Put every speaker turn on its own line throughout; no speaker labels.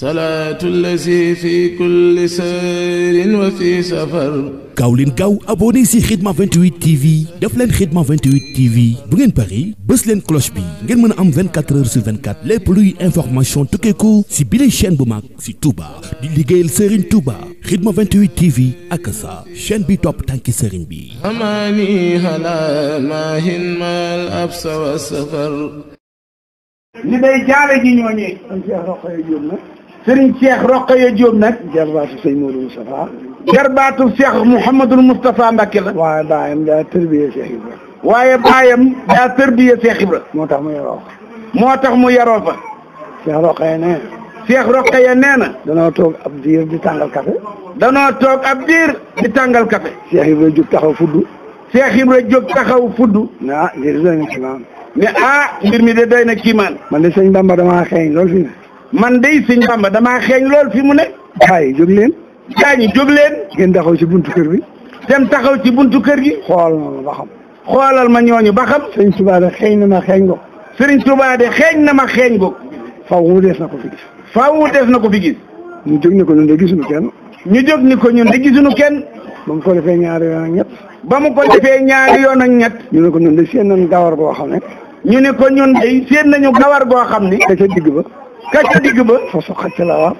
salaatu lazi fi kulli sayrin wa fi safar.
gaaw leen gaaw abonné si Khidma 28 TV def leen Khidma 28 TV bu ngeen pari bës leen cloche bi ngeen mën a am 24 heures sur 24 lépp luy information tukeku si bile chaîne bu mag si Touba di liggéeyal Serigne Touba Khidma 28 TV ak sa bi topp tànki Serigne bi.
amaani ala maahin maal absa wa safar. Serigne Cheikh Rokhaya Diop nag. jarbaatu sëñ Modou Moustapha. jarbaatu Cheikh Mouhamadul Moustapha Mbacké la. waaye baayam daa tërbiye Cheikh Ibra. waaye baayam daa tërbiye Cheikh Ibra. moo tax mu yaroo fa. moo tax mu yaroo fa. Cheikh Rokhaya nee na. Cheikh Rokhaya nee na. danoo toog ab diir di tàngal toog ab diir di tàngal café. Cheikh taxaw fuddu. Cheikh Ibra Diop taxaw fuddu. ah jërëjëf doy na kiimaan. ne ah mbir mi de man de sëñ Bamba damaa man de sëñ Bamba damaa xeeñ lool fi mu ne. waaye jóg leen. daañu jóg leen. ngeen daxaw ci buntu kër bi. dem taxaw ci buntu kër gi. xoolal ma ba xam. xoolal ma ñooñu ba xam. sëñ Touba de xeeñ na ma xeeñ goog. sëriñ Touba xeeñ na ma xeeñ goog. wu des na ko fi gis. faaw des na ko fi gis. ñu jóg ni ko ñun de gisuñu kenn. ñu jóg ni ko ñun de gisuñu kenn. ba mu ko defee ñaari yoon ak ñett. ba mu ko defee ñaari yoon ak ñett. ñu ne ko ñun de seen nañ gawar goo xam ne. ñu ne ko ñun de seen nañu gawar goo xam ne. da ca digg ba. kàcca digg ba. façon xac la war.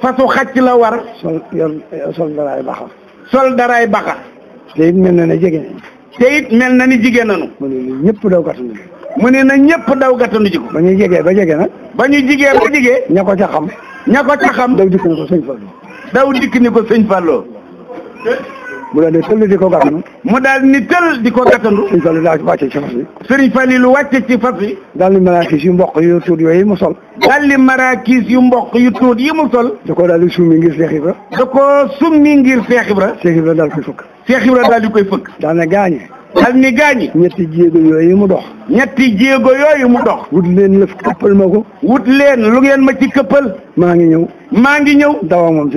façon xàcc la war. sol yor sol daraay baxa. sol daraay baxa. te it mel na ne jege nañu. te it mel na ni jigéen nañu. mu ne ñëpp daw gàttandu ji. na ñëpp daw gàttandu ji ko. ba ñuy jegee ba jege nag. ba ñuy jigee ba jigee. ña ko ca xam. ña ko ca xam. daw dikk ni ko sëñ Fallou. daw dikk ni ko sëñ Fallou. mu daal di tëll di ko gàttandu mu daal ni tëll di ko gàttandu sëriñ Fallou daal wàcce ci fas yi sëriñ Fallou wàcce ci fas yi daal di maraakis yu mboq yu tuut yooyu mu sol daal di maraakis yu mboq yu tuut yi mu sol da koo daal di summi ngir Seex Ibra da koo summi ngir Seex Ibra Seex Ibra daal koy fëkk Seex Ibra daal di koy fëkk daal na gaañe daal ni gaañi ñetti jéego yooyu mu dox ñetti jéego yooyu mu dox wut leen lëf këppal ma ko wut leen lu ngeen ma ci këppal maa ngi ñëw maa ngi ñëw daw ak moom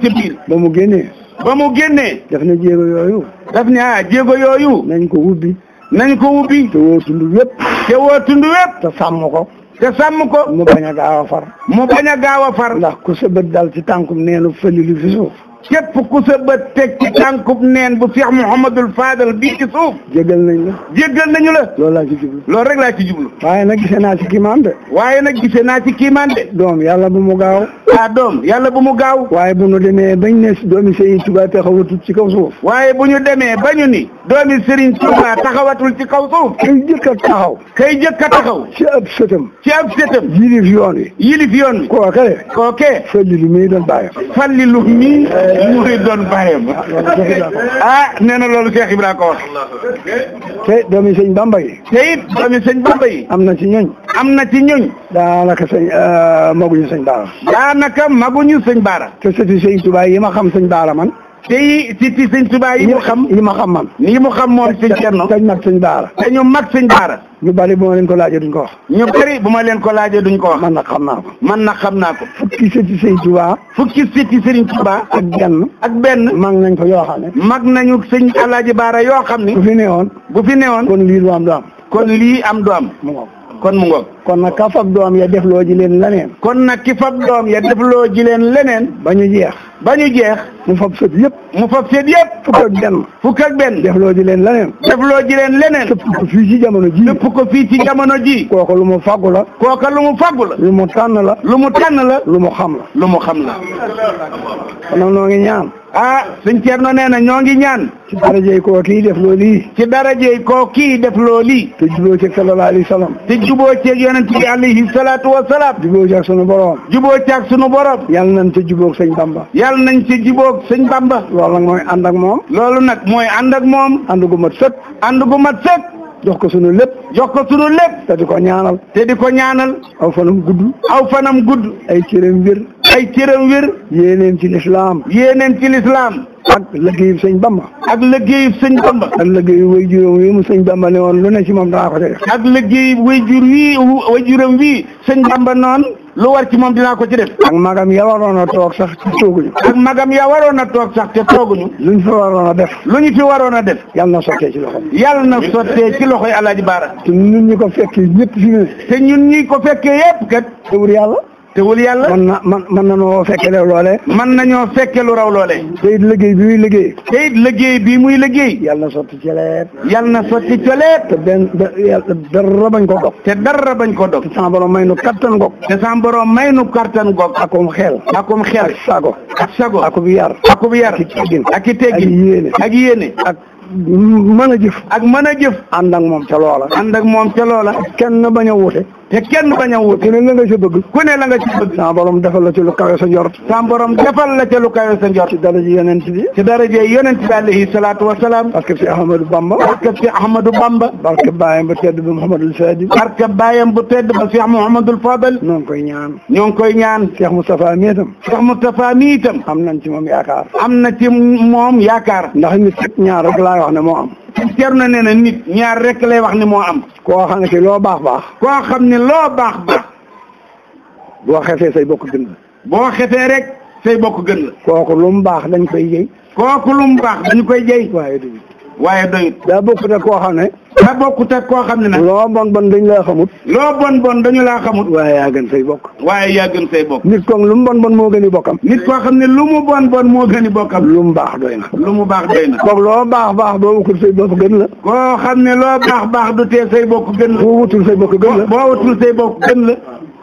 ci biir daw ak ba mu génnee. daf na jéego yooyu. def ne ah yooyu. nañ ko ubbi. nañ ko ubbi. te woo tund wépp. te woo tund wépp. te sàmm ko. te sàmm ko. mu bañ a gaaw a far. mu bañ a gaaw a far. ndax ku sa dal ci tànkum neenu fëli lu fi suuf. képp ku sa bët teg ci tànkub neen bu Cheikh Mouhamadul Fadal bii ci suuf. jégal nañ la. jégal nañu la. loolu laa ci jublu. loolu rek laa ci jublu. waaye nag gisee naa ci kiimaan de. waaye nag gisee naa ci kiimaan de. doom yàlla bu mu gaaw. ah doom yàlla bu mu gaaw. waaye bu ñu demee bañ ne doomi Serigne Touba taxawatul ci kaw suuf. waaye bu ñu demee bañu ni. doomi Serigne Touba taxawatul ci kaw suuf. kay jëkk a taxaw. kay jëkk a taxaw. ci ab sëtam. ci ab sëtam. yilif yoon wi. yilif yoon wi. koo kale. koo kee. Fallilu mii doon bàyyi. Fallilu mii. muy doon bàyyam ah nee na loolu Cheikh Ibra ko wax te sëñ Bamba yi te sëñ Bamba yi am na ci ñoñ am na ci ñoñ daanaka sëñ ah, maguñu sëñ Baara daanaka maguñu sëñ Baara te sëti sëñ Tuubaa yi ma xam sëñ Baara man te yi si ci sëñ Tuubaa yi mu xam yi ma xam man yi mu xam moom sëñ Cerno dañ mag sëñ Baara dañu mag sëñ Baara ñu bari bu ma leen ko laajee duñ ko wax ñu bari bu ma leen ko laajee duñ ko wax man nag xam naa ko man nag xam naa ko fukki sëti sëñ Tuubaa fukki sëti sëriñ Tuubaa ak benn ak benn mag nañ ko yoo xam ne mag nañu sëñ Alaaji Baara yoo xam ne bu fi nee newoon bu fi nee newoon kon lii du am du am kon lii am du am mu ngoog kon mu ngoog kon na ka fab doom ya defloo ji leen leneen kon na ki fab doom ya defloo ji leen leneen ba ñu jeex ba ñu jeex mu fab sët yëpp mu fab sët yëpp fukk ak benn fukk ak benn def loo ji leen leneen def loo ji leen leneen dëpp ko fii ci jamono ji dëpp ko fii ci jamono ji kooka lu mu fàggu la kooka lu mu fàggu la lu mu tànn la lu mu tànn la lu mu xam la lu mu xam la xanaa noo ngi ñaan ah suñ Ceerno nee na ñoo ngi ñaan ci darajey koo kii def loolu yi ci darajey koo kii def loolu yi te juboo ceeg sallallahu alayhi wa sallam te juboo ceeg yonent bi alayhi salaatu wa salaam juboo ceeg sunu borom juboo ceeg sunu borom yàlla nañ ca jubóog sëñ Bamba yàlla nañ ca jubóog tolloog sëñ Bamba. loolu nag mooy ànd ak moom. loolu nag mooy ànd ak moom. ànd gu mat sëkk. ànd gu mat sëkk. jox ko sunu lépp. jox ko sunu lépp. te di ko ñaanal. te di ko ñaanal. aw fanam gudd. aw fanam gudd. ay cëram wér. ay cëram wér. yéeneem ci lislaam. yéeneem ci lislaam. ak liggéeyu sëñ Bamba. ak liggéeyu sëñ Bamba. ak liggéeyu wayjuram wi mu sëñ Bamba ne woon lu ne ci moom danaa ko def. ak liggéeyu wayjur wii wayjuram wii sëñ Bamba noonu. lu war ci moom dinaa ko ci def. ak magam ya waroon a toog sax te tooguñu. ak magam ya waroon a toog sax te tooguñu. luñ fi waroon a def. ñu fi waroon a def. yal na sottee ci loxo. yal na sottee ci loxo yi Alaaji Baara. te ñun ñi ko fekkee ñëpp fi mu ko fekkee yëpp kat. te wul yàlla man na man man nañoo fekke loole man nañoo fekke lu raw loole te it liggéey bi muy liggéey te it liggéey bi muy liggéey yàlla na sotti coleet yàlla na sotti coleet te benn dara bañ ko dog te dara bañ ko dog te sama borom may nu kattan gog te sama borom may nu kattan gog akum xel akum xel ak sago ak sago akub yar akub yar ak i teggin ak i teggin ak yéene ak mën a jëf ak mën a jëf ànd ak moom ca loola ànd ak moom ca loola kenn bañ a wuute te kenn bañ a wut ku ne la nga ci bëgg ku ne la nga ci bëgg sa borom defal la ci lu kawe sa njort sa borom defal la ci lu kawe sa njort bi ci daraje yonent bi alayhi salaatu wasalaam barke si Ahmadou Bamba barke si Ahmadou Bamba barke baayam tedd bi Mouhamadul Fadi barke baayam bu tedd ba Cheikh Mouhamadul Fadal ñoo ngi ñaan ñoo ngi koy ñaan Cheikh Moustapha mi itam Cheikh Moustapha mi itam am nañ ci moom yaakaar am na ci moom yaakaar ndax nit ñaar rek laay wax ne moo am ceeru na nee na nit ñaar rek lay wax ni moo am koo xam ne si loo baax baax koo xam ne loo baax baax boo xefee say bokk gën la boo xefee rek say bokk gën la kooku lu mu baax dañ koy jëy kooku lu mu baax dañ koy jëy waaye du waaye doyut daa bokkut ak koo xam ne daa bokkut ak koo xam ne nag loo bon bon dañ laa xamut loo bon bon dañu laa xamut waaye yaa gën say bokk waaye yaa gën say bokk nit kon lu mu bon bon moo gën i bokkam nit koo xam ne lu mu bon bon moo gën i bokkam lu mu baax doy na lu mu loo baax baax boo wutul say bokk gën la koo xam ne loo baax baax du te say bokk gën la boo wutul say bokk gën la boo say bokk gën la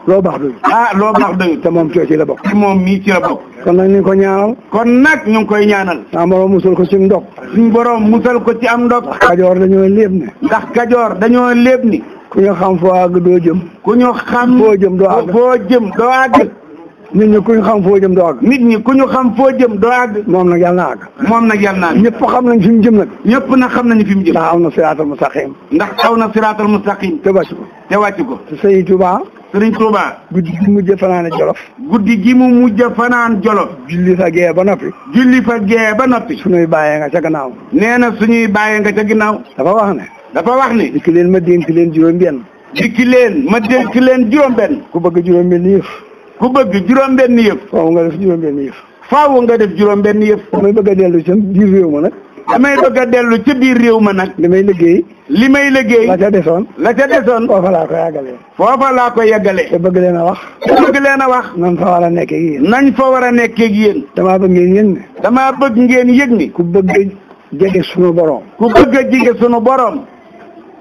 loo baax dëgg. ah loo baax dëgg. te moom ci la bokk. te moom mii ci la bokk. kon nag ñu ko ñaanal. kon nag ñu ngi koy ñaanal. sa borom musal ko ci ndox. suñu borom musal ko ci am ndox. kajoor dañoo léeb ni. ndax kajoor dañoo léeb ni. ku ñu xam foo doo jëm. ku ñu xam. foo jëm doo àgg foo jëm doo àgg. nit ñi xam foo jëm doo àgg. nit ñi ku ñu xam jëm doo àgg. moom nag yal na àgg. nag yal ñëpp xam nañ fi jëm nag. ñëpp na xam nañu fi mu jëm. ndax aw na siraatal mustaqim. ndax aw na siraatal mustaqim. te wàcc te wàcc te Sëriñ Tuubaa Sëriñ Touba. guddi gi mu mujj fanaan jolof. guddi gi mu mujj fanaan jolof. julli fa gee ba noppi. julli fa gee ba noppi. su suñuy bàyyee nga ca gannaaw. nee na suñuy bàyyee nga ca ginnaaw. dafa wax ne. dafa wax ne. dikki leen ma dénk leen juróom-benn. dikki leen ma dénk leen juróom-benn. ku bëgg juróom-benn yëf. ku bëgg juróom-benn yëf. faaw nga def juróom-benn yëf. faaw nga def juróom-benn yëf. damay bëgg a dellu ci biir réew ma nag. damay bëgg a dellu ci biir réew ma nag. li may liggéey. li may liggéey. la ca desoon. la ca desoon. foofa laa ko yàggalee. foofa laa ko yàggalee. te bëgg leen a wax. te bëgg leen a wax. nañ fa war a nekkee ak yéen. fa war a nekkee ak yéen. damaa bëgg ngeen yëg ni. ngeen yëg ku bëgg a jege sunu borom. ku bëgg a sunu borom.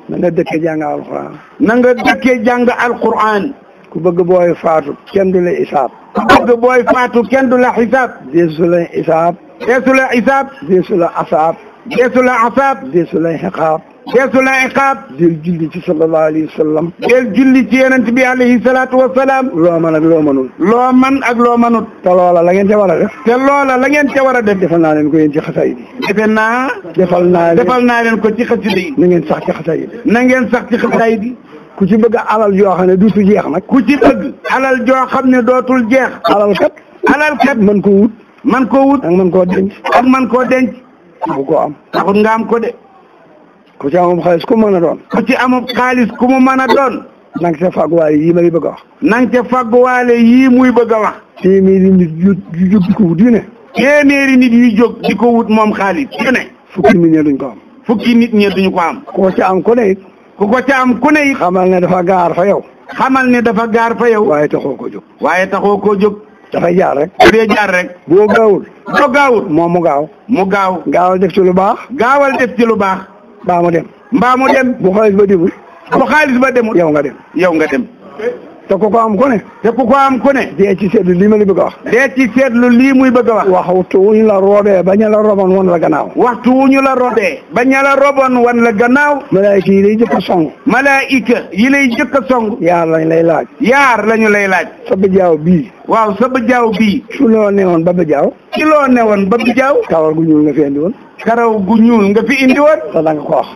na nga dëkkee jàng alquran. na nga dëkkee jàng alquran. ku bëgg booy faatu kenn du la isaab. ku bëgg booy faatu kenn la isaab. deesu la isaab deesu la asaab deesu la asaab deesu la xiqaab deesu la iqaab del julli ci sallallahu alayhi wa sallam del julli ci yenent bi alayhi salaatu wa salaam loo man ak loo manul loo man ak loo manut te loola la ngeen ca war a def te loola la ngeen ca war a def defal naa leen ko yéen ci xasayid yi defe naa defal naa leen defal naa leen ko ci xasida yi na ngeen sax ci xasayid yi na ngeen sax ci xasayid yi ku ci bëgg alal yoo xam ne dootul jeex nag ku ci bëgg alal joo xam ne dootul jeex alal kat alal kat mën ko wut man ko wut. ak man ko denc. ak man koo denc. bu ko am. taxul nga am ko de. ku ci amum xaalis ku mu mën a doon. ku ci amum xaalis ku a doon. na nga ca fàgguwaale a wax. na nga ca fàgguwaale yii muy bëgg a wax. di ko wut nit yu jóg di ko wut moom xaalis yu ne. ko am. fukki nit ñe duñ ko am. koo ca am ko ca am ku ne it. xamal ne dafa gaar fa yow. xamal ne dafa gaar yow. waaye taxoo koo jóg. waaye dafay jaar rek. bu dee jaar rek. boo gaawul. boo gaawul. moom mu gaaw. mu gaaw. gaawal def ci lu baax. gaawal def ci lu baax. mbaa mu dem. mbaa mu dem. bu xaalis ba demul. bu xaalis ba demul. yow nga dem. yow nga dem. te ko am ku ne. ko am ku ne. dee ci seetlu lii ma li bëgg a wax. dee lii muy bëgg a wax. waxtu wu ñu la roobee ba ñu la roboon wan la gannaaw. waxtu wu ñu la roobee. ba ñu la roboon wan la gannaaw. malaayika yi lay jëkk a song. malaayika yi lay jëkk a song. yaar lañ lay laaj. yaar lañu lay laaj. sa bëjaaw bii. waaw sa bëjaaw bii. su loo newoon ba bëjaaw. ci loo newoon ba bëjaaw. kawar gu ñuul nga fi indi woon. karaw gu ñuul nga fi indi woon. te da nga ko wax.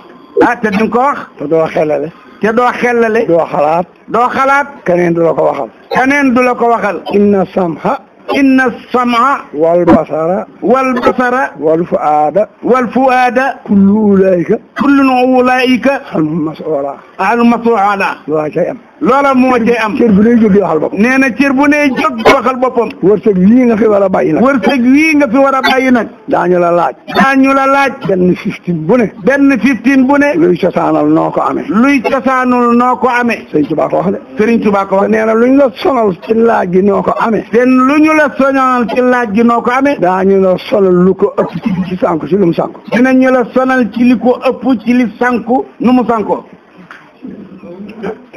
ah te te doo xellale doo xalaat doo xalaat keneen du la ko waxal keneen du la ko waxal inna samha inna sam'a wal basara wal basara wal fu'aada wal fu'aada kullu ulaa'ika kullun ulaa'ika anhum mas'uula ahlu masuala loola cay am loola moo cay am cër bu lay jóg di waxal boppam nee na cër bu lay jóg di waxal boppam wërsëg wii nga fi war a bàyyi nag wërsëg wii nga fi war a bàyyi nag daañu la laaj daañu la laaj benn fiftin bu ne benn fiftin bu ne cosaanal noo ko amee luy cosaanul noo ko amee sëriñ Tuubaa ko wax de sëriñ Tuubaa nee na luñ la sonal ci laaj gi noo ko amee ten lu ñu la sonal ci laaj gi noo ko amee daañu la sonal lu ko ëpp ci ci sànku ci lu mu sànku dinañu ci li ko ëpp ci li sànku nu mu sànkoo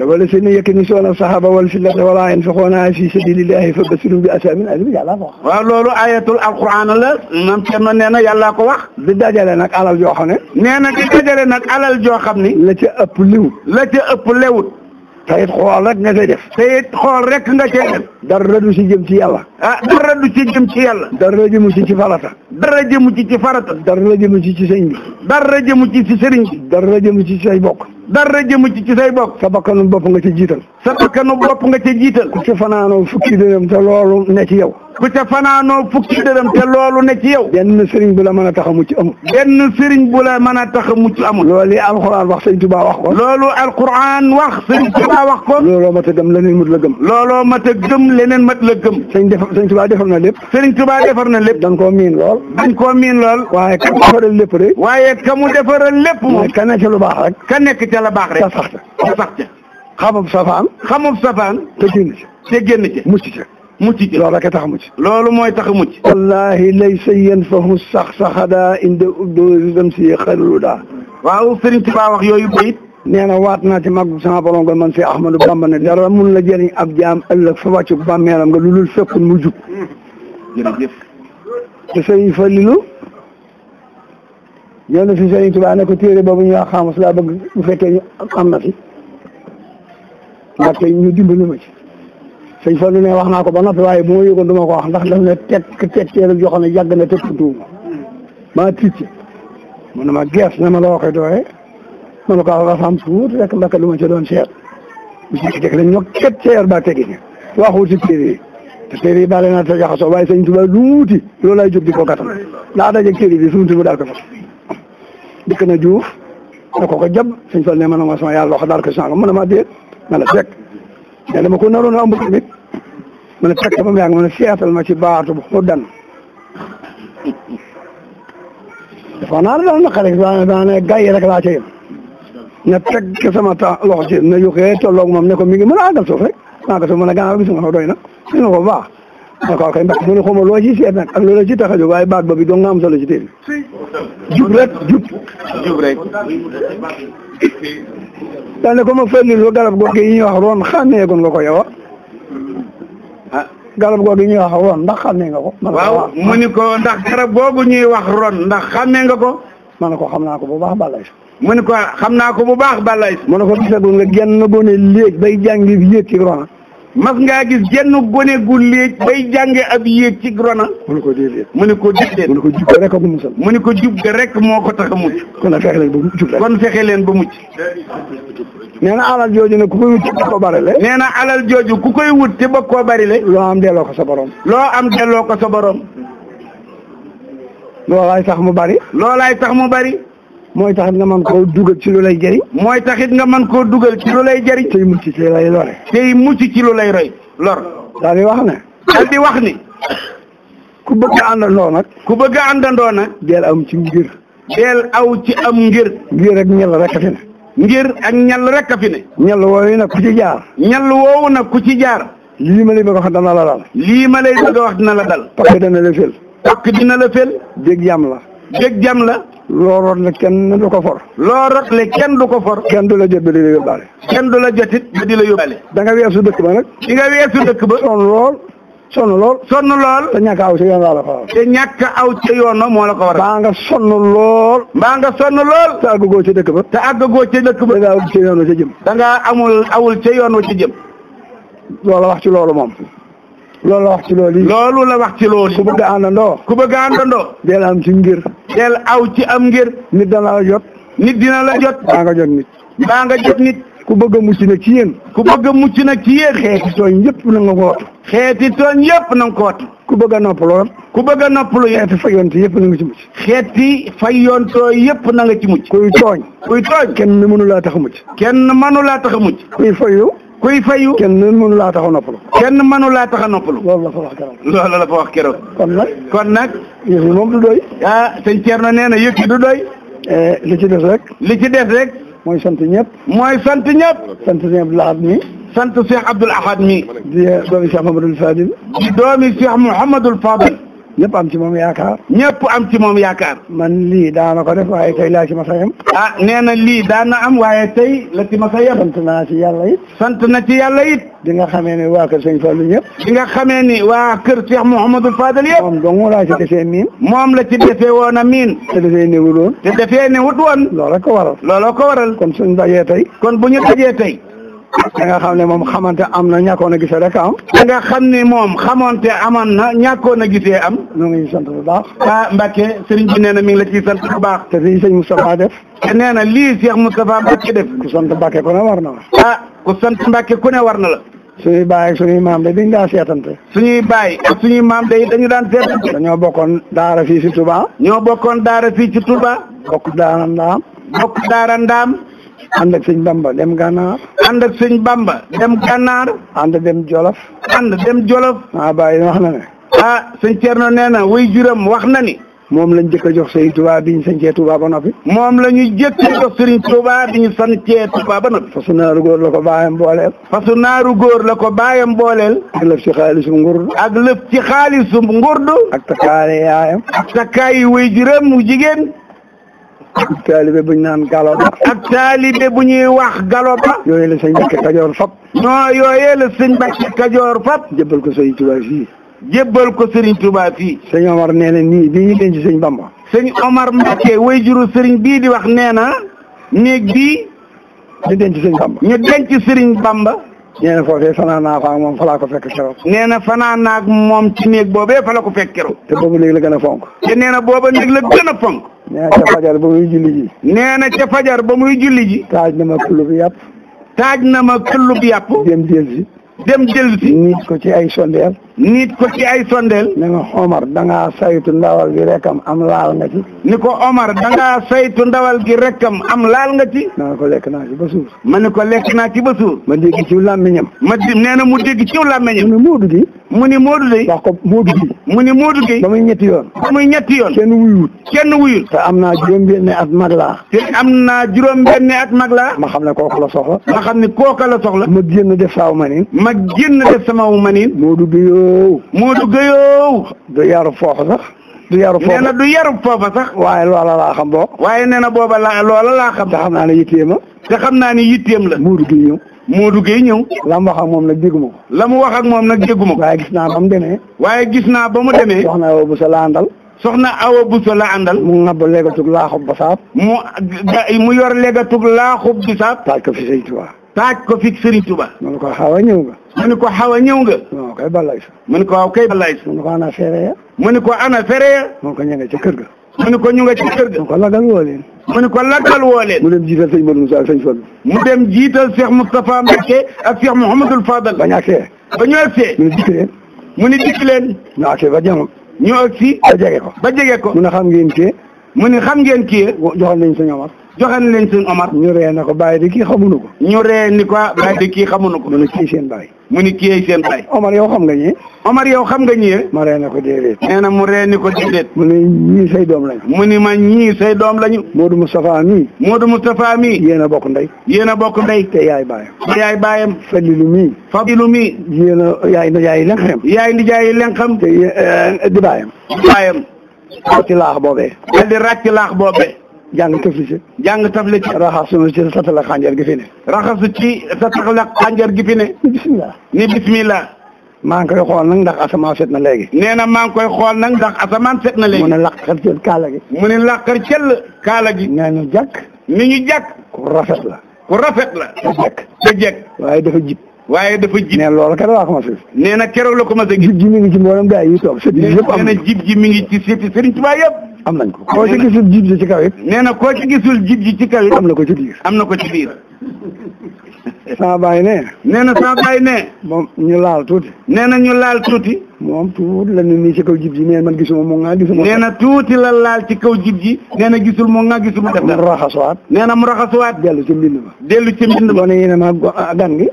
wala seen yakanisuuna sahaba wal fillata wala yanfiquuna fi sabilillahi fabashirhum bi asaamin alim yàlla ko wax. waaw loolu ayatul alquran la a kenn nee na yàllaa ko wax. di dajale nag alal joo xam ne. nee na di dajale nag alal joo xam ni. la ca ëpp liwut. la ca ëpp lewut. te it xool rek nga cay def. te it xool rek nga cay def. du ci jëm ci yàlla. ah dara du ci jëm ci yàlla. dara jëmu ci ci farata. dara jëmu ci ci farata. dara jëmu ci ci sëñ bi. dara jëmu ci ci sëriñ bi. dara jëmu ci ci bokk. dara jëmu ci ci say bokk sa bakkanu bopp nga ci jiital sa bakkanu bopp nga ci jiital ku ci fanaanoo fukki dërëm te loolu ne ci yow ku ca fanaanoo fukki dërëm te loolu ne ci yow benn sëriñ bu la mën a tax a mucc amul benn sëriñ bu la mën a tax mucc amul loolu alquran wax sëriñ Tuubaa wax ko loolu alquran wax sëriñ Tuubaa wax ko looloo mat a gëm leneen mat la gëm looloo mat a leneen mat la gëm sëriñ defar sëriñ Tuubaa defar na lépp sëriñ Tuubaa defar na lépp dañ koo miin lool dañ koo miin lool waaye ka mu defaral lépp rek waaye ka mu lépp moom ka nekk ca lu baax rek ka nekk ca la baax rek sax ca sax ca xamub safaan xamub safaan te génn génn ca mucc ci loolu rek loolu mooy tax mucc wallahi laysa yanfahu sax saxadaa inde uddo dem si xarulu daa waaw Sëriñ Tuubaa wax yooyu bayit nee na waat naa ci màggu sama borom nga man si Ahmadou Bamba ne dara mun la jëriñ ab jaam ëllëg fa wàccu bàmmeelam nga lu lul fekkul mu jub jërëjëf te sëriñ Falilu ñëw na fi Sëriñ Tuubaa ne ko téere boobu ñu wax xaamus laa bëgg bu fekkee ñu am na fi ndaxte ñu dimbali ma ci sëñ Fallou ne wax naa ko ba noppi waaye bu ma yëgoon ko wax ndax daf ne tekk tekkeelu yoo xam ne yàgg na tekk tuuma maa tiit mu ne ma gees ne la waxee dooyee ma ne ko wax ah am tuuti rek ma ca si jëkk dañ ñoo ba tegi waxu ci téere yi te téere yi bale waaye sëñ Tuubaa lu wuti loolu lay jóg di ko gàttal daa daje téere bi suñu tubu daal na ko ko jab sëñ Fallou ne ma yàlla loxo daal ko sànq ma déet ma la fekk te dama ko naroon a ëmb tamit ma ne fekk ba mu yàgg ma ne seetal ma ci baatu bu xuddan dafa naa ne daal na xale daa ne gay rek laa ca yem na teg sama temps loxo ci na yokkee tolloog moom ne ko mi ngi mën a àggal suuf rek àggal suuf a gànnaaw bi suma doy na su ko baax ma ko kay mbakk mu ne xaw ma loo ci seet nag ak loola ci tax a jóg waaye jub rek jub daal ko ma fëlil lu garab googu yi ñuy wax roon xàmmeegun nga ko yow ah garab googu yi ñuy wax roon ndax xàmmee nga ko waaw mu ko ndax garab ñuy wax ron ndax xàmmee nga ko ma ne ko xam naa ko bu baax balays mu ni ko xam naa ko bu baax balays mu ne ko gisagun nga genn gone léeg bay jàngi yéeg ci ron mas ngaa gis genn gone gu léeg bay jànge ab yéeg ci grona
mu ne ko déedéet
mu ne ko déedéet mu ne ko jub ga rek mu ne ko jub ga rek moo ko tax a mucc kon nag fexe leen ba mucc leen ba mucc nee na alal jooju ne ku koy wut te ba koo bari le nee na alal jooju ku koy wut te ba koo bari loo am delloo ko sa boroom loo am delloo ko sa borom loolaay tax mu bari loolaay tax mu bari mooy taxit nga mën koo dugal ci lu lay jëriñ mooy taxit nga man koo dugal ci lu lay jëriñ tey mucc ci lay lore tey mucc ci lu lay roy lor daal di wax ne daal di wax ni ku bëgg a àndandoo nag ku bëgg a àndandoo nag deel am ci ngir deel aw ci am ngir ngir ak ñel rek a fi ne ngir ak ñel rek a fi ne ñel woowu nag ku ci jaar ñel woowu nag ku ci jaar lii ma lay bëgg a wax dana la ma wax dina la dal pakk dana la fel pakk dina la fel dég jam la dég jam la loo rot le kenn du ko for loo rot le kenn du ko for kenn du la jot ba di la yóbbaale kenn du la jotit ba di la yóbbaale da nga weesu dëkk ba nag di nga weesu dëkk ba sonn lool sonn lool sonn lool te ñàkk aw ci yoon la te ñàkk aw ci yoon moo la ko waral mbaa nga sonn lool mbaa nga sonn lool te goo ci dëkk ba te àggagoo ci dëkk ba da ngaa awul ci wa ci jëm da ngaa amul awul ci yoon wa ci jëm loola wax ci loolu moom loolu la wax ci loolu yi. loolu la wax ci loolu ku bëgg a àndandoo. ku bëgg a àndandoo. deel am ci ngir. deel aw ci am ngir. nit dana la jot. nit dina la jot. baa nga jot nit. baa nga jot nit. ku bëgg a mucc nag ci yéen. ku bëgg a mucc nag ci yéen. xeeti tooñ yëpp na nga ko wat. xeeti tooñ yëpp na nga wat. ku bëgg a noppalu ku bëgg a noppalu yëpp. xeeti fayonto yëpp na nga ci mucc. xeeti fayonto yëpp na nga ci mucc. kuy tooñ. kuy tooñ. kenn mënu laa tax a mucc. kenn mënu laa tax a mucc. kuy fayu. kuy fayu. kenn mënu laa tax a noppalu. kenn mënu laa tax a noppalu. loolu la fa wax keroog. loolu la fa wax keroog. kon nag kon nag. yëf yi moom du doy. ah sëñ Thierno nee na yëf yi du doy. Eh, li ci des rek. li ci des rek. mooy sant ñëpp. mooy sant ñëpp. sant ñëpp laat mi. sant Cheikh Abdoul Ahad mi. di doomi Cheikh Mouhamadul Fadil. di doomi Cheikh Mouhamadul Fadil. ñëpp am ci moom yaakaar. ñëpp am ci moom yaakaar. man lii daana ko def waaye tey laa ci ma sa yem. Ah nee na lii daana am waaye tey la ci ma sa yem. sant naa ci yàlla it. sant na ci yàlla it. di nga xamee ne waa kër Sëñ Fallou ñëpp. di nga xamee ni waa kër Cheikh Mouhamadul Fadal yëpp. moom dong laa ci defee miin. moom la ci defee woon a miin. te defee newul woon. te defee newut woon. loola ko waral. loola ko waral. kon suñu dajee tey. kon bu ñu dajee tey. da nga xam ne moom xamante am na ñàkkoon a gisee rek am ah. da nga xam ne moom xamante amoon na ñàkkoon a gisee am ñu ngi sant bu baax ah Mbacke sëriñ bi nee na mi ngi la ciy sant bu baax te lii sëñ Moustapha def te nee na lii Cheikh Moustapha Mbacke def ku sant Mbacke ku ne war na la ah ku sant Mbacke ku ne war na la suñuy baay ak suñuy maam de dañ daa seetante suñuy baay ak suñuy maam de dañu daan seetante dañoo bokkoon daara fii ci Touba ñoo bokkoon daara fii ci Touba bokk daara ndaam bokk daara ndaam ànd ak sëñ Bamba dem Gànnaar. ànd ak sëñ Bamba dem Gànnaar. ànd dem Jolof. ànd dem Jolof. ah Baye wax na ne. ah sëñ Thierno nee na way juram wax na ni. moom lañ jëkk a jox Serigne Touba bi ñu sancee Touba ba noppi. moom la ñuy jëkk a jox Serigne Touba bi ñu sancee Touba ba noppi. fasu naaru góor la ko baayam booleel. fasu naaru góor la ko baayam booleel. ak lëf ci xaalisum ngurdu. ak lëf ci xaalisum ngurdu. ak takkaale yaayam. ak takkaayi way juram mu jigéen. taalibe bu ñu naan galo ba. ak taalibe bu ñuy wax galo ba. yooyu la sëñ Mbacke Kajoor fap. non yooyu la sëñ Mbacke Kajoor fap. jébbal ko Serigne Touba fii. ko Serigne Touba fii. sëñ Omar nee na nii bi ñu denc sëñ Bamba. sëñ Omar Mbacke way juru Serigne bii di wax nee na néeg bii. ñu denc sëñ Bamba. ñu denc Serigne Bamba. nee na foofee fanaan naa ko ak moom fa ko fekk keroog. nee na fanaan naa moom ci néeg boobee fa la ko fekk keroog. te boobu léeg la gën a fonk. te nee na booba néeg la gën a fonk. nee na ca fajar ba muy julli ji. nee na ca fajar ba muy julli ji. taaj na ma kulub yàpp. taaj na ma kulub yàpp. dem jël si. dem jël si. niit ko ci ay sondeel. nit ko ci ay sondeel ni ko Omar dangaa saytu ndawal gi rekkam am laal nga ci ni ko Omar dangaa saytu ndawal gi rekkam am laal nga ci ma ne ko lekk ci ba ma ne ko lekk naa ci ma suur ma dégg ciw làmmiñam ma nee na mu dégg ciw làmmiñam mu ni Moodu gi mu ni Moodu gi wax ko Moodu gi mu ni Moodu gi ba muy ñetti yoon ba muy ñetti kenn wuyut am naa juróom-benni at mag laa te am naa juróom-benni laa ma xam ne ko la soxla ma xam ne kooka la soxla ma génn def saaw manin ma génn def samaw manin Moodu gi gëyoow Moodu gëyoow du yaru foofu sax du yaru foofa nee na du yaru foofa sax waaye loola laa xam boo waaye nee na booba laa loola laa xam te xam naa ne yitteem la te xam naa ne yitteem la Moodu Gueye ñëw Moodu Gueye ñëw la mu wax ak moom nag dégguma ko la mu wax ak moom nag dégguma ko waaye gis naa ba mu demee waaye gis naa ba mu demee soxna Awa Bousso la àndal soxna Awa Bousso la àndal mu ngab léegatug laaxub basaab mu mu yor léegatug laaxub bisaab taaj ko fi sëñ Tuubaa taaj ko fii Serigne Touba. mu ne ko xaw a ñëw nga. mu ne ko xaw a ñëw nga. mu ne ko ko waaw kay balaay mu ne ana fere ya. mu ne ko ana fere ya. mu ne ko ñu nga ca kër ga. mu ne ko ñu nga ca kër ga. mu ne ko lagal woo leen. mu ko lagal woo leen. mu dem jiital sëñ Modou Moussa ak sëñ Fallou. mu dem jiital Cheikh Moustapha Mbacké ak Cheikh Mouhamadul Fadal. ba ñu ba mu ne dikk ba jàmm. ñu àgsi. ba ba jege ko. mu ne xam mu ni xam ngeen kii joxoon nañ sëñ Omar joxoon nañ sëñ Omar ñu ree na ko bàyyi di kii xamuñu ko ñu ree ni ko bàyyi di kii xamuñu ko mu ni kii seen bàyyi mu ni kii seen bàyyi Omar yow xam nga ñee Omar yow xam nga ñee ma ree na ko déedéet nee na mu ree ni ko déedéet mu ni ñii say doom lañu mu ni ma ñii say doom lañu Modou Moustapha mii Modou Moustapha mii yéen a bokk ndey yéen a bokk ndey te yaay bàyyam te yaay bàyyam Falilu mii Falilu mii yéen a yaay na yaay len xam yaay ndi jaay len xam te euh, di bàyyam bàyyam ràcc laax boobee. daal di ràcc laax boobee. jàng tëfli ci. jàng tëfli ci. raxasu ci sa tax la xànjar gi fi ne. ci sa tax la xànjar gi fi ne. ni bisimilah. ni bisimilah. maa ngi koy xool nag ndax asamaan set na léegi. nee na maa ngi koy xool nag ndax asamaan set na léegi. mu ne làqar cel kaala gi. mu ne làqar cel kaala gi. nee ñu jàkk. ni ñu jàkk. ku rafet la. ku rafet la. te jekk waaye dafa jib. waaye dafa jib ne loolu keroog laa ko mos a. nee na keroog la ko mos a gis. jib ji mi ngi ci mboolem gaa yi toog sëti yëpp am nee na jib mi ngi ci sëti Sëriñ Tuubaa yëpp. am nañ ko koo ci gisul jib ji ci kaw it. nee na koo ci gisul jib ji ci kaw it. am na ko ci biir am na ko ci biir. sama baay ne. nee na sama baay ne. moom ñu laal tuuti. nee na ñu laal tuuti. moom tuuti la ne nii ci kaw jib ji nee man gisuma mu ngaa gisuma. nee na tuuti la laal ci kaw jib ji. nee na gisul mu ngaa gisul mu def. mu raxasuwaat. nee na mu raxasuwaat. dellu ci mbind ma. dellu ci mbind ma. gone yi ne ma ah, gan gi.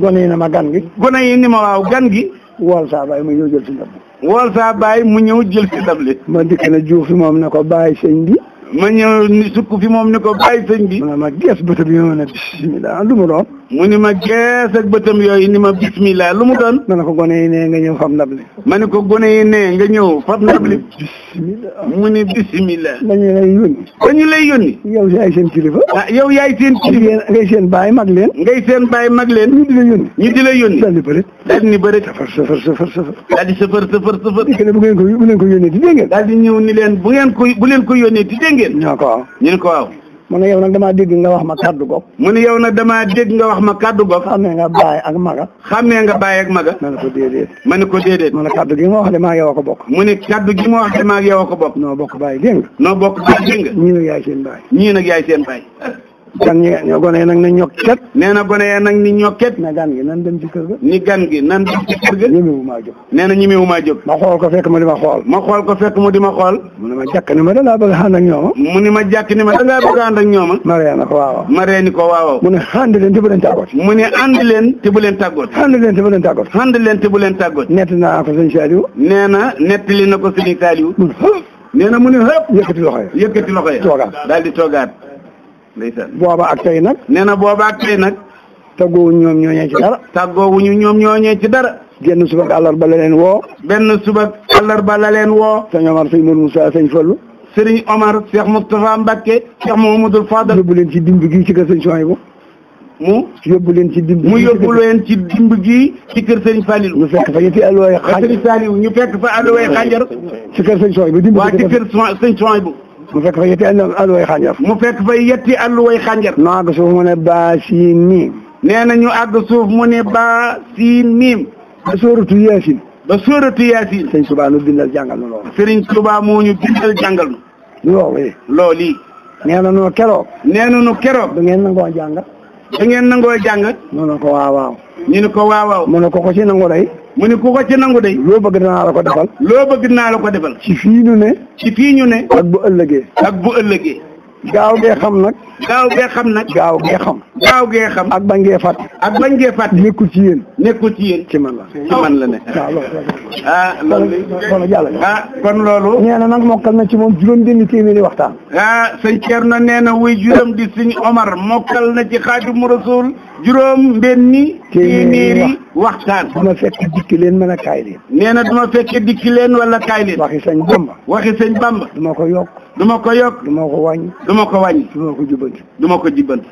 gone yi ne ma gan gi. gone yi ni ma waaw gan gi. wool saa baay mu ñëw jël si ndab li. saa baay mu ñëw jël si ndab li. ma dikk na juuf moom ne ko bàyyi sëñ bi. ma ñëw ni sukk fi moom ni ko bàyyi sëñ bi. ma ma gees bëtam yooyu ne bisimilah lu mu doon. mu ni ma gees ak bëtam yooyu ni ma bisimilah lu mu doon. ma ne ko gone yi nee nga ñëw fab ndab li. ma ne ko gone yi nee nga ñëw fab ndab li. bisimilah mu ni bisimilah. dañu lay yónni. dañu lay yónni. yow yaay seen kilifa. ah yow yaay seen kilifa. ngay seen bàyyi mag leen. ngay seen bàyyi mag leen. ñu di la yónni. ñu di la yónni. daal di bëri. daal di ni leen bu ngeen ngeen. ñoo ko waaw. ñu ne ko waaw. mu ne yow nag damaa dégg nga wax ma kaddu gox. mu ne yow nag damaa dégg nga wax ma kaddu gox. xam ne nga baay ak maga. xam ne nga baay ak maga. ma ne ko déedéet. ma ne ko déedéet. mu ne kaddu gi ma wax de maa ngi yow a ko bokk. mu ne kaddu gi ma wax de maa ngi yow a ko bokk. noo bokk baay dégg nga. noo bokk baay dégg nga. ñii nag yaay seen baay. ñii nag yaay seen baay. gan ñi gone nag na ñokket nee na gone nag ni ñokket na gan gi nan dem ci kër ga ni gan gi nan dem ci kër ga ñemewu maa jóg nee na ñemewu maa jóg ma xool ko fekk ma di ma xool ma xool ko fekk mu di ma xool mu ne ma jàkk ni ma da laa bëgg a ànd ñooma ah? mu ni ma jàkk ni ma da ngaa bëgg a ànd ak ñooma ah? ma ree na ko waaw mu ne ànd leen te bu leen tàggoot mu ne ànd leen te bu leen tàggoot ànd leen te bu leen tàggoot ànd leen te bu leen tàggoot nett naa ko sëñ Saliou nee na nettali daal di toogaat ndeysaan booba ak tey nag nee na booba ak tey nag tàggoowuñu ñoom ñooñee ci dara tàggoowuñu ñoom ñooñee ci dara genn subak àllarba la leen woo benn subak àllarba la leen woo sëñ Omar sëñ Mor Moussa sëñ Fallu sëriñ Omar Cheikh Moustapha Mbacké Cheikh Mouhamadoul Fadal yóbbu leen ci dimb gii ci kër sëñ Sohaybou mu yóbbu mu yóbbu leen ci dimb gii ci kër sëñ Falil ñu fekk fa ñetti alluwaay xaaj sëriñ Saliou ñu fekk fa alluwaay xaajar ci kër sëñ Sohaybou dimb waa ci kër sëñ Sohaybou mu fekk fa yetti alluway xànjar mu fekk fa yetti alluway xànjar nu àgg suuf mu ne baa siin miim nee na ñu àgg suuf mu ne baa siin miim ba sóoratu yaasin ba sóoratu yaasin sëñ Tuubaa nu bindal jàngal nu loolu sëriñ Tuubaa moo ñu bindal jàngal nu loolu loolu yi nee na nu keroog nee na nu keroog da ngeen nangoo jàng da ngeen nangoo jàng nu ne ko waaw waaw ñu ni ko waawaaw waaw mu ne ko ko ci nangu day mu ni ko ko nangu day loo bëgg dinaa la ko defal loo bëgg naa la ko defal ci fii ñu ne ci fii ñu ne ak bu ëllëgee ak bu ëllëgee gaaw gee xam nag. gaaw gee xam nag. gaaw gee xam. gaaw gee xam. ak bañ gee fàtte. ak bañ fat fàtte. nekkul ci yéen. nekkul ci yéen. ci man la man la ne. ah loolu. kon jàll ah kon loolu. nee na nag mokkal na ci moom juróom benni téeméeri waxtaan. ah sëñ Thierno nee na wuy juróom di sëñ Omar mokkal na ci Xaadimu Rasuul juróom benni. téeméeri waxtaan. duma fekk dikki leen mën a kaay leen. nee na duma fekk dikki leen wala kaay leen. waxi sëñ Bamba. waxi sëñ Bamba. duma ko yokk. du ma ko yokk du ma ko wàññi du ma ko wañ du ma ko jubbanti du ma ko jubbanti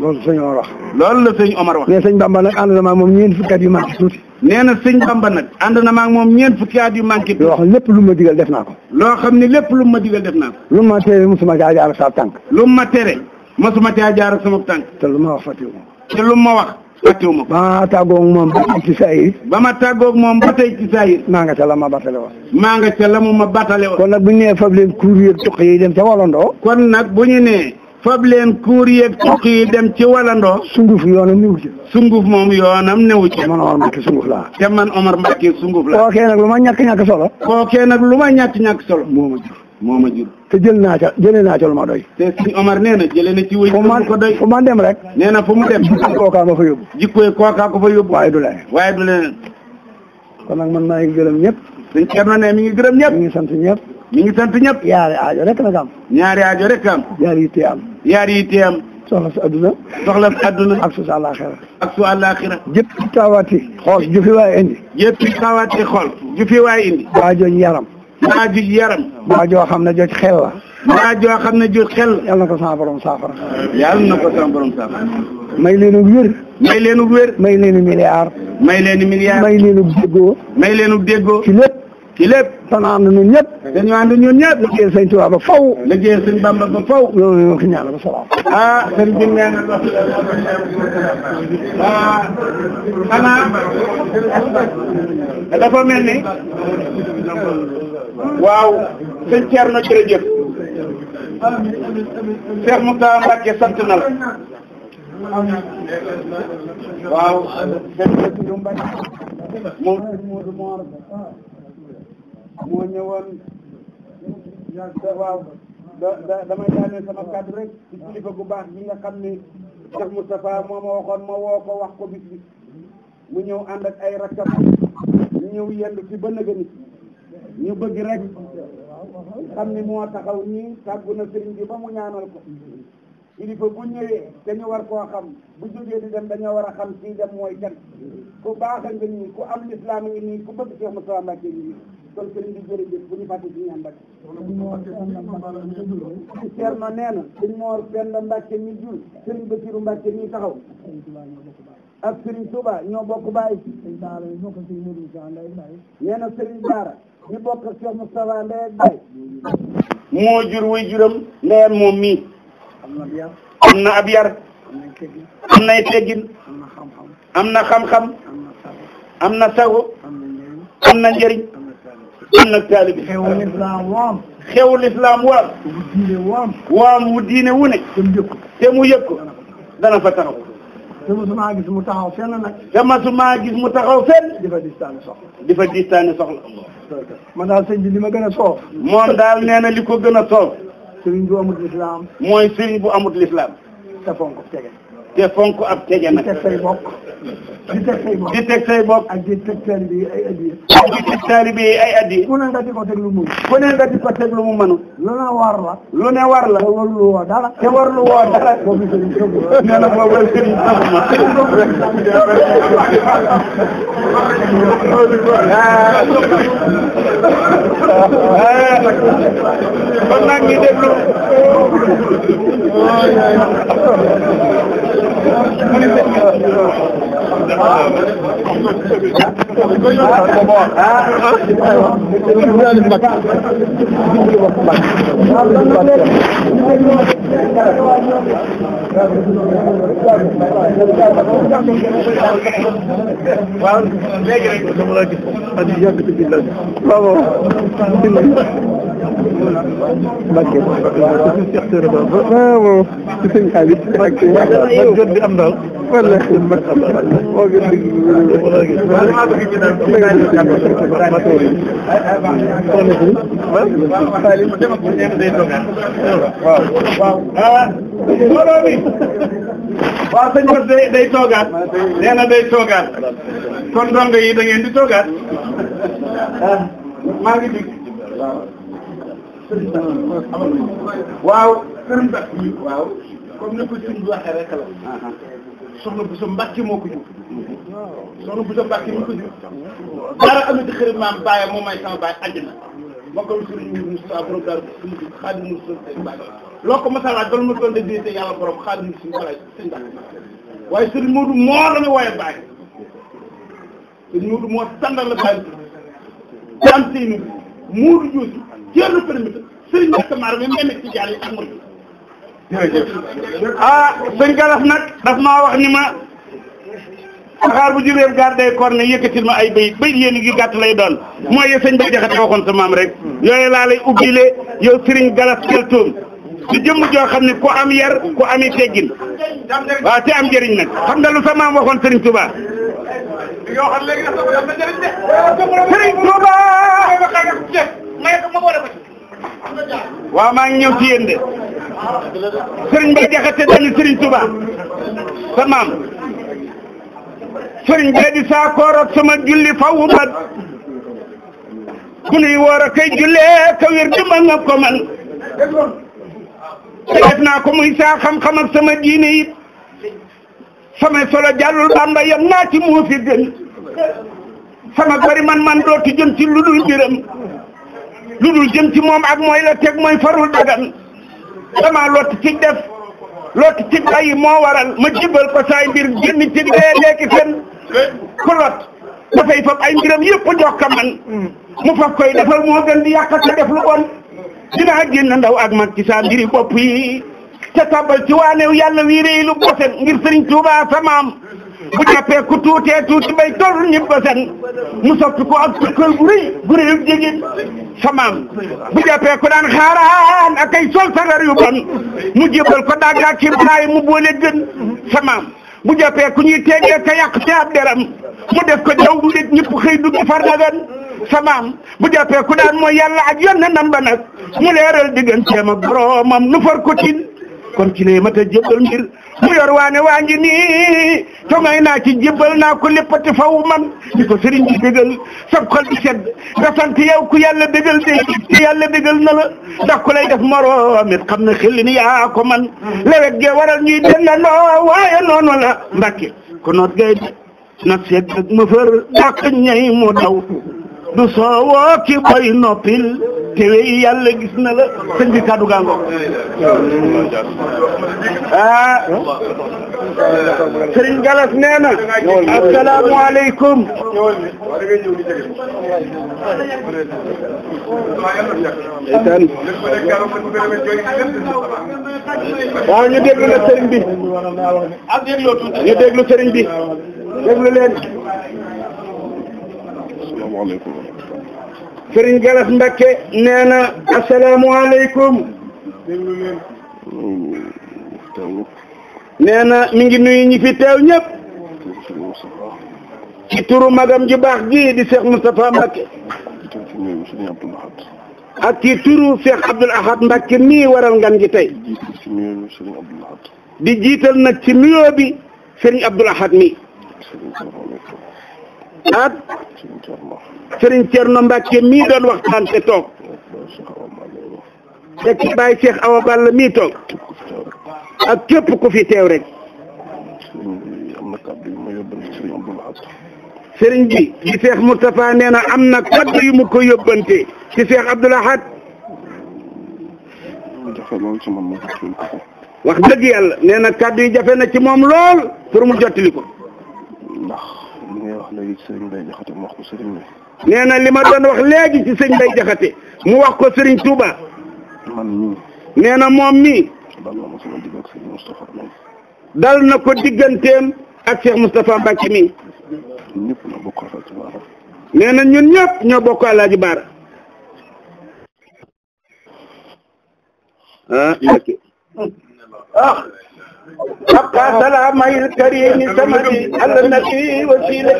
loolu sëñ wax loolu la sëñ Omar wax mais sëñ Bamba nag ànd na maag moom ñeent fukki at yu manqué tuuti nee na sëñ Bamba nag ànd na maag moom ñeent fukki at yu manqué tuuti loo xam ne lépp lu ma digal def naa ko loo xam ne lu ma digal def naa ko lu ma tere mosuma caa jaar ak sama tànk lu ma tere mosuma caa jaar ak sama tànk te lu ma wax fàttewu te lu ma wax fàttewuma ko. ba ma tàggoog moom ba tey ci saayir. ba ma tàggoog moom ba tey ci saayir. maa nga ca ma batale woon. maa nga ca la mu ma batale woon. kon nag bu ñu nee fab leen kuur yeeg tuq yi dem ca walandoo. kon nag bu ñu nee. fab leen kuur yeeg tuq yi dem ci walandoo. sunguf yoonam newu ci. sunguf moom yoonam newu ci. man Omar Mbacke sunguf laa. te man Omar Mbacke sunguf laa. kookee nag lu ma ñàkk ñàkk solo. kookee lu ma ñàkk ñàkk solo. moo ma te jël naa ca jëlee naa ca lu ma doy te si Omar nee na jëlee na ci fu ma dem rek nee na fu mu dem kookaa ma fa yóbbu ko fa yóbbu waaye du leneen waaye du leneen kon nag man maa ngi gërëm ñëpp suñ ceerno ne mi ngi gërëm ñëpp mi ngi sant ñëpp mi ngi sant ñëpp yaari aajo rek nag am ñaari aajo rek am yaari yitte am yaari yitte am soxla su adduna soxla su adduna ak su sa àllaaxira ak su àllaaxira jëpp taawaati xool ju fi waay indi jëpp taawaati xool ju fi waay indi waajoñ yaram maa juj yaram maa joo xam ne joj xel la maa joo xam ne joj xel la yal na ko sama borom saafara yal na ko sama borom saafara may leenu wér may leenu wér may leenu milliard may leenu milliard may leenu déggoo may leenu déggoo ci lépp ci lépp dana ànd ñun ñëpp dañu ànd ñun ñëpp liggéeyal sëñ Tuubaa ba faw liggéeyal sëñ Bamba ba faw loolu ñoo ki ñaanal ba salaam ah sëñ bi nee na ah xanaa dafa mel ni waaw sëñ Thierno jërëjëf Cheikh Moussa waaw moo ñëwoon waaw da damay daaneel sama kàddu rek ci kilifa gu baax gi nga xam ne Cheikh Moustapha moo ma waxoon ma woo ko wax ko bis bi mu ñëw ànd ak ay rakkam ñu ñëw yendu ci ba nëgëni ñu bëgg rek xam ni moo taxaw nii tàggu na sëriñ bi ba mu ñaanal ko kilifa bu ñëwee dañu war koo xam bu jógee di dem dañoo war a xam kii dem mooy kan ku baax a ngi nii ku am lislaam ngi nii ku bëgg Cheikh Moustapha Mbacké ngi nii kon sëriñ bi jërëjëf bu ñu fàtte ci ñaan Mbàkke
Cerno nee na
sëriñ Moor Penda Mbàkke mi taxaw ak sëriñ Tuuba ñoo bokk baay nee na sëriñ Baara di bokk ak Cheikh Moustapha Ndeye ak am na ab yar am nay teggin am na xam-xam am na sago am na njëriñ kon nag taalibi xewul islam waam xewul islam waam mu diine waam waam mu diine wu ne te mu yëg ko te mu yëg ko dana fa taxaw te masumaa gis mu taxaw fenn nag te masumaa gis mu taxaw fenn di fa distaane soxla di fa distaane soxla man daal sëñ bi li ma gën a soof moom daal nee na li ko gën a soof sëriñ bu amut l'islam mooy sëriñ bu amut l'islam te fonk tege te fonk ab tege nag. di teg say bokk. di teg say bokk di teg say bokk. ak di teg taalibe yi ay addiya. ak di teg taalibe yi ay addiya. ku ne nga di ko teg lu mu. ku ne nga di ko teg lu mu mënu. lu ne war la. lu ne war la. te warlu woo dara. te warlu woo dara. boobu sëriñ Sow. nee na boobu
sëriñ Sow ma. kon nag ñu déglu. waaw léegi rek dama la gis at yu yàgg ci biir la waaw Mbacke waaw suñu Cheikh Thioro Ba waaw waaw si sëñ Xaalis ak jot bi am daal wala moo gën di waaw waaw waaw sëñ
Ba day day toogaat nee na day toogaat kon ndongo yi da ngeen di toogaat
maa ngi dégg waaw sëriñ Bass bi ko sëriñ bi waxee rek la soxna bu moo ko bu sa Mbàkke moo ko jur
dara amati xarit maam Baye moo may moo ko sëriñ Moussa borom daal sëriñ bi xaadim mu sëriñ seen ma doon de la ñu
wooye Baye sëriñ Modou moo tàndal la ceer la permettre sëriñ
Mbacke Mar mi mel ci jaar yi ak murid
jërëjëf
ah sëñ Galas nag daf maa wax ni ma xaar bu jubee gaar day koor ne ma ay bayit bayit yéen ngi gàtt lay doon mooy yow sëñ Bay Jaxate waxoon sa maam rek yooyu laa lay ubbile yow sëriñ Galas Kaltoum di jëmm joo xam ne ku am yar ku ami teggin waaw te am njëriñ nag xam na lu sa maam waxoon sëriñ Touba may ko ma boole ko ci. waaw maa ngi ñëw ci yéen de. Serigne Ba Jaxate dañu saa koor ak sama julli faww ba. bu nuy woor a kay jullee ka wér di nga ko man. def naa ko muy saa xam-xam ak sama diine it. solo jàllul Bamba yam naa ci moo fi gën. man man dootu jëm ci lu dul biram lu dul jëm ci moom ak mooy la teg mooy farul dagan dama lott def lott ci bàyyi moo waral ma jibal ko saay mbir génn ci dee lekki fen ku lot dafay fab ay mbiram yëpp jox ka man mu fab koy defal moo gën di yàq ka def lu bon dinaa génn ndaw ak mag ci saa mbiri bopp yi te tabal ci waaneew wii réy lu bosen ngir sëriñ Tuubaa bu jàppee ku tuutee tuuti bay toll ni basan mu soppi ko ak sukkal bu rëy bu rëy yu jege samaam bu jàppee ku daan xaaraan ak ay sol sagar yu bon mu jébal ko daggaak ci baay mu boole gën samaam bu jàppee ku ñuy teegee ka yàq ab deram mu def ko jaw mu nit ñëpp xëy dugg far samaam bu jàppee ku daan mooy yàlla ak yonnanam ba nag mu leeral digganteem ak boroomam nu far ko tin kon ci lay mat a jébal mbir mu yor waane waa ngi nii jongay naa ci jébbal naa ko léppati faw man di ko sëriñ bi bégal sab xol bi sedd nga sant yow ku yàlla bégal de te yàlla bégal na la ndax ku lay def moroomit xam ne xel ni yaa ko man lewet noonu la Mbàkke ko noot gay na seeg ma fër dàq ñay mu daw du soowoo ki tewe yi yàlla gis na la sëñ bi kaddu gaa ngoog ah sëriñ Galas nee na asalaamaaleykum
waaw ñu déglu la sëriñ bi ñu déglu sëriñ bi déglu leen asalaamaaleykum
Sëriñ Galas Mbakke nee na asalaamualeykum. nee na mi ngi nuyu ñi fi teew ñëpp. ci turu magam ju baax ji di Cheikh Moustapha Mbakke. ak ci turu Cheikh Abdoul Ahad Mbakke mii waral ngan gi tey. di jiital nag ci nuyoo bi Sëriñ Abdoul Ahad ak Serigne Thierno Mbacke mii doon waxtaan te toog teg ci Baye Cheikh Awa Balla mii toog ku fi teew rek.
Serigne bi di Cheikh Moustapha
nee na am na kaddu yu mu ko yóbbante ci Cheikh wax dëgg yàlla nee na kaddu yi jafe na ci moom lool pour mu jottali ko.
mu ngay wax léegi ci mu wax ko
nee na li ma doon léegi ci sëriñ Mbaye Diakhaté mu wax ko sëriñ Touba. man na moom mii.
dal na ko sama digg ak sëriñ Moustapha
Mbaye. na ko digganteem ak Cheikh Moustapha mii. ñun na ñun ñëpp ñoo bokk Alaaji أبقى سلام
الكريم سمدي على النبي وسيلة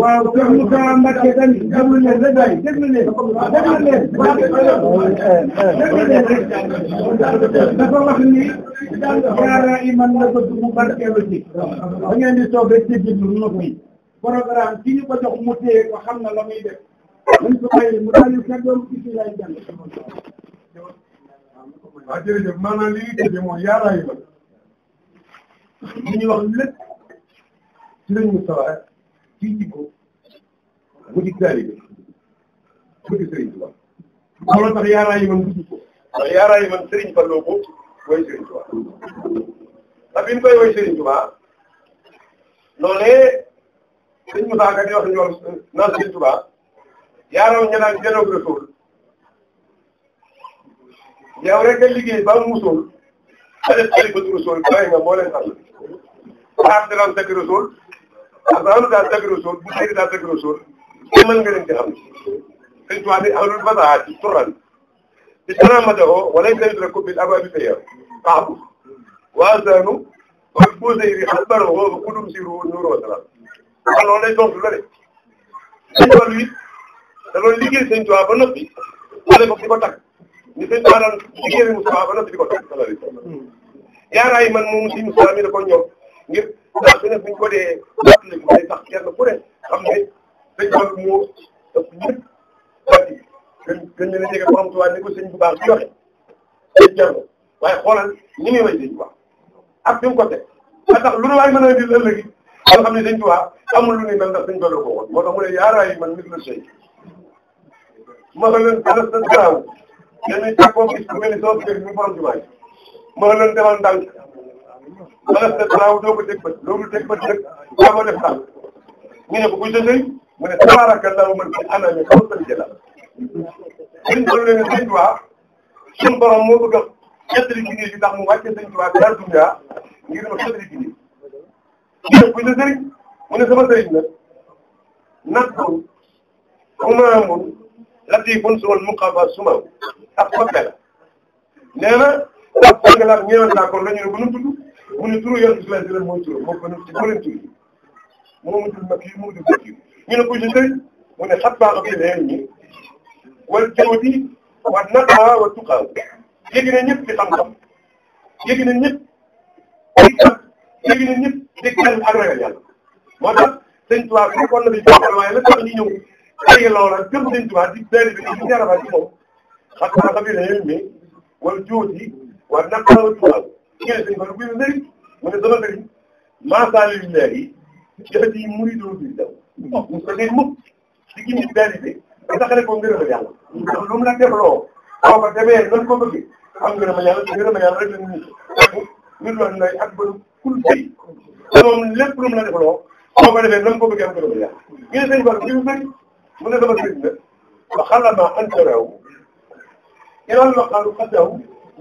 waaw kër Moussa Mbacke tamit déglu leen rek waay déglu leen déglu leen déglu leen dafa wax ni jaara iman na ko dugg barkeelu ci
da ngeen di toog rek ci biir programme ci ñu ko jox mu téye ko xam na la i def nañ ko bàyyi mu daal di gàddoom ci lay jàng. waaw ah, jërëjëf maanaam li ñu tëjee mooy yaaraayu la li ñuy wax lépp ci lañ mu sawaar ci jikko bu di taalibe bu di Sëriñ Tuubaa loolu tax yaaraayu man bu jikko waaw yaaraayu ko woy Sëriñ Tuubaa ndax bi ñu sëñ Moussa Ka di wax ñoom naan sëñ Touba yaaroon ñu naan jëloog la tool yow liggéey ba mu musul ba def xalifatu rasul bàyyi nga moo leen xam xaar daan dëgg rasul alxuraan daan dëgg rasul bu sëy daan dëgg rasul mën nga leen di xam sëñ Touba di ahlul fasaha ci turan di turan ma dexoo wala ñu saytu waa Zanu kon boo sëy bi xam baroo ba kudum si ruur nuuru wa salaam te ah, loolu lay tontu la de sëñ Fallu it da doon liggéey sëñ Tuubaa ba noppi xale ko di ko takk ñu sëñ Tuubaa daan liggéey Musaa ba noppi di ko takk yaaraay man moom si Musaa mi da ko ñor ngir saa su ne buñ ko dee fàttali ko day tax kenn ku ne xam ne sëñ Fallu moo ëpp ñëpp parti gën gën ñu ne jege borom Tuubaa ni ko sëñ bu baax bi waxe sëñ jar waaye xoolal ñi muy way sëñ bu baax ak fi mu ko teg ba tax lu nu waay mën a di ëllëg yoo xam ne dañ tubaab amul lu ni mel ndax dañ ko ko woon moo tax mu ne yaaraa yi man nit la sey masalan ala sa gaaw dañuy tàggoo gis ku mel ni soo dégg ñu borom jumaa yi masalan demal ndànk ala sa gaaw doo ko teg bët loolu teg bët nag daa ko def ndànk ñu ne ko bu jëndee mu ne tabaarakallaahu man fi anami xawsan jalla dañ ko leen dañ tubaab suñu borom moo bëgg a xetali gi nii di tax mu wàcce dañ tubaab jaar dunya ngir ma xetali gi nii def kuy sa sëriñ mu ne sama sëriñ la nattul xumaamul latifun suwal muqaba sumaw ak soppe la nee na ak soppe la ak ñëwal naa kon la ñu ne bu ñu tudd mu ne turu yàlla bisimilah si leen mooy turu moo ko ci moo leen turu moo mu tudd Makki moo mu tudd Makki ñu ne kuy sa sëriñ mu ne xatbaa ak yeneen ñi wal jawdi wa naqaa wa tuqaa yéegi ne ñëpp di xam-xam yéegi ne ñëpp di xam léegi nag ñëpp dégg nañu ak ragal yàlla moo tax sëñ Tuubaa fekkoon na bi jàppal waaye la tax ñu ñëw tey loola gëm sëñ Tuubaa di benn bi di jaraba ci moom xam naa xam ne yéen mi wala jóoti wala naqaawa Tuubaa ñene sëñ Fallu buy nëri mu ne sama bëri maasali leer jafe yi muy doo di daw mu ko ngay mukk di gi nit bi saxale ko ngërëmal yàlla ndax lu mu la defloo boo ko demee nan ko bëgg am ngërëmal yàlla ngërëmal yàlla rek la nit nit loon lay ak bëru ful bëri te moom lépp lu mu la defaloo soo ko defee lan ko bëggee am ko doon yàq ñu ne sëñ Ba jiw bëri mu ne dama sëñ la ba xalaat naa andi sa réew yeneen loo xam ne xasaw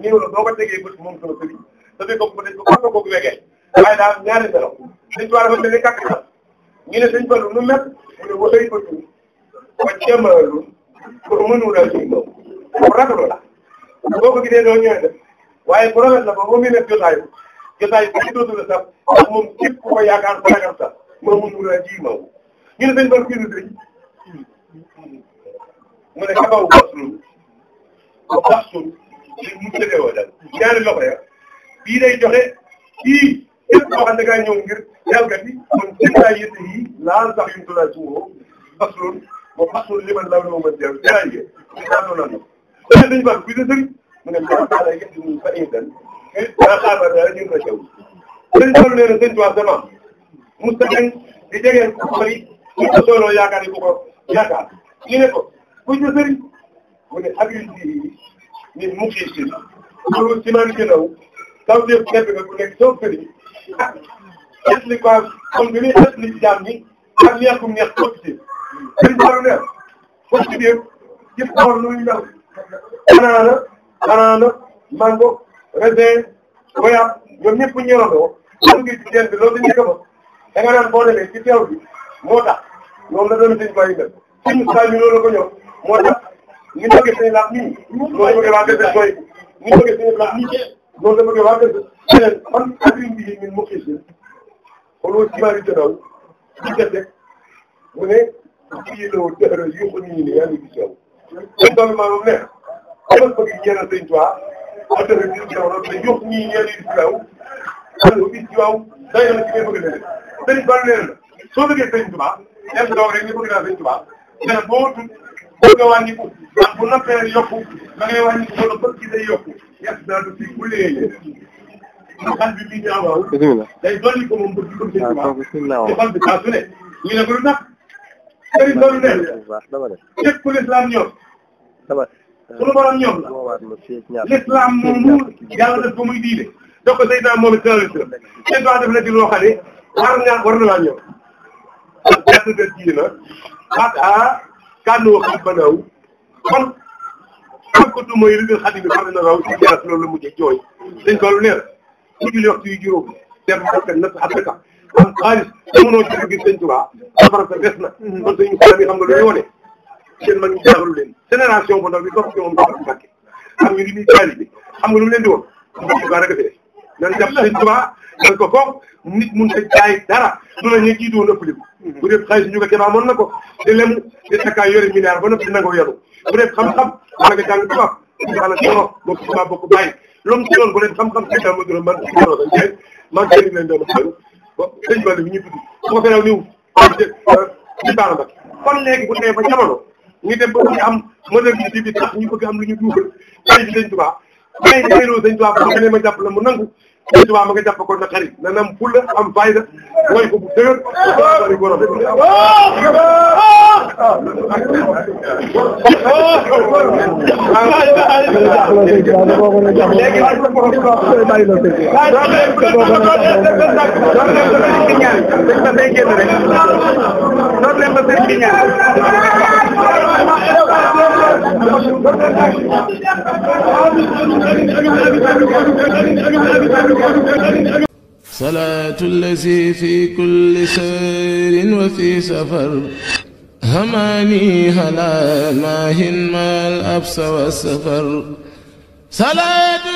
néew la boo ko tegee bët moom sama sëriñ te fekk ko dañ ko kàttan kooku wegee waaye daal ñaari melo dañ ko war a mel ni kàkk sax ñu ne sëñ Ba lu mu mel mu ne waxee ko tuuti ko jéemalu pour mënu daal suñu bopp pour rafetlu la boo ko gisee doo ñëwee def waaye bu rafet la ba ba muy nekk jotaayu jotaay bi dootul a saf ndax moom képp ku ko yaakaar ba ragal sax mën mun mun a ji ma wu ñu ne dañ doon kii bi mu ne kabaru baslu ba basul li mu jëlee woo daal ñaari loxo ya bii day joxe kii képp koo xam ne kaa ñëw ngir yàlla bi man jotaay yëpp yi laal sax yu ñu doon suufoo basul ba basul li man laaw na ma mën jël jaay ngeen ñu daanoo naan la. dañ doon baal kuy de sëriñ mu ne maa ngi lay yëpp ñu fa indal. daa xaaral daal ñu ngi koy jaww. sëñ Fallou nee na sëñ Touba sama Moussa Diagne di jege ku bëri ñu ko doonoo yaakaar yi ku ko yaakaar ñu ne ko ku ñu sëriñ mu ne ak yu ji nii mu ngi ci loolu ci man ginnaaw taw bi yëpp nekk nga ku nekk soo sëriñ ah est li quoi comme que ni est li jaam ñi ak ñeexum ñeex ko ci sëriñ Fallou nee ko ci biir yëpp xool lu ñu mel anaana anaana mango raisin goyab ñoom ñëpp ñu yorandoo loolu ngay ci teen bi loolu dañuy gëm da nga naan boo demee ci teew bi moo tax ñoom la doon sëñ Baye def suñu saa ñu loolu ko ñor moo tax ñu bëgg seen laaj nii loolu bëgg waa Kër Boye ñu bëgg seen laaj nii loolu la bëgg waa Kër Boye man agriñ bi ñun moo koy jël xooloo ci bari jëndaw ci gerte mu ne kii la woon dara yoo xam ne ñu ne yaa ngi gis yow. kon doomu maa moom neex amal bëgg ñeena sëñ Tuubaa affaire bi di wax te yokku ñii ñeenti di ci waaw xale bu gis ci waaw day dem ci ngay bëgg leneen sëriñ Ba leneen la soo bëggee sëriñ Tuubaa nekk doog rek nga bëgg naa sëriñ Tuubaa mais boo tudd boo nga wàññi ko ndax bu noppee yokku da ngay wàññi ko ba bëgg ci day yokku yàq daal du fi bu léegi ndax xal bi fii ci am waaw day dolli ko moom bëgg ci sëriñ Tuubaa te xal bi saa su ne ñu ne ko lu tax sëriñ Ba lu ne képp ku lislaam ñor suñu borom ñoom la l'islam moomu yàlla def ba muy diine donc Seydina Mohamed sallallahu alayhi wasallam Seydina def na ci loo xam ne war na war na laa ñëw yàlla def diine na ah ah kàddu wax ak banaaw kon comme que du mooy rëgal xarit bi war na raw ci jàll loolu la mujjee jooy dañ ko lu leer mu julli waxtu yu juróom dem parce que a xam a tax am xaalis mënoo ci gis Sëñ Tuubaa safara sa des na mm-hmm. kon sëñ bi xam nga lu ñu wane seen mag ñi jaaxalu leen génération bu ndaw bi dox ci moom dafa fàkke am ñu ngi nii taalib bi xam nga lu mu leen di wax Sëriñ Tuubaa rek a fi def nan jàpp Sëriñ Tuubaa nan ko foog nit mun ta jaay dara lu la ñu jiitu woon ëpp leen bu dee xaalis ñu ko kenn amoon na ko di lem di takkaay yore milliard ba noppi nangoo yaru bu dee xam-xam wala nga jàng tubaab xanaa solo moom ci maa bokk bàyyi lu mu ci doon bu dee xam-xam si dama juróom man si doro dañ jeex man seen leen doon xel ba sëñ Balla bi ñu tudd su ko feraw niw euh, ci baara nag kon léegi bu tee ba jamono ñu dem ba ñu am modernité bi tax ñu bëgg am lu ñu dugal tey jii dañ tubaab tey jii dañ tubaab boo xam ma jàpp la mu nangu dañ tubaab ma nga jàpp ko na xarit na nam fulla am fayda wooy ko bu dëgër wari borom léegi
salaatu lazi fi kulli sayrin wa fi safar hamaani halal maahin maal absa wa safar salaatu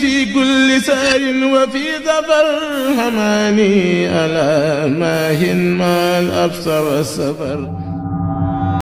في كل سهر
وفي ظفر هماني ألا ماهن ما الأبصر السفر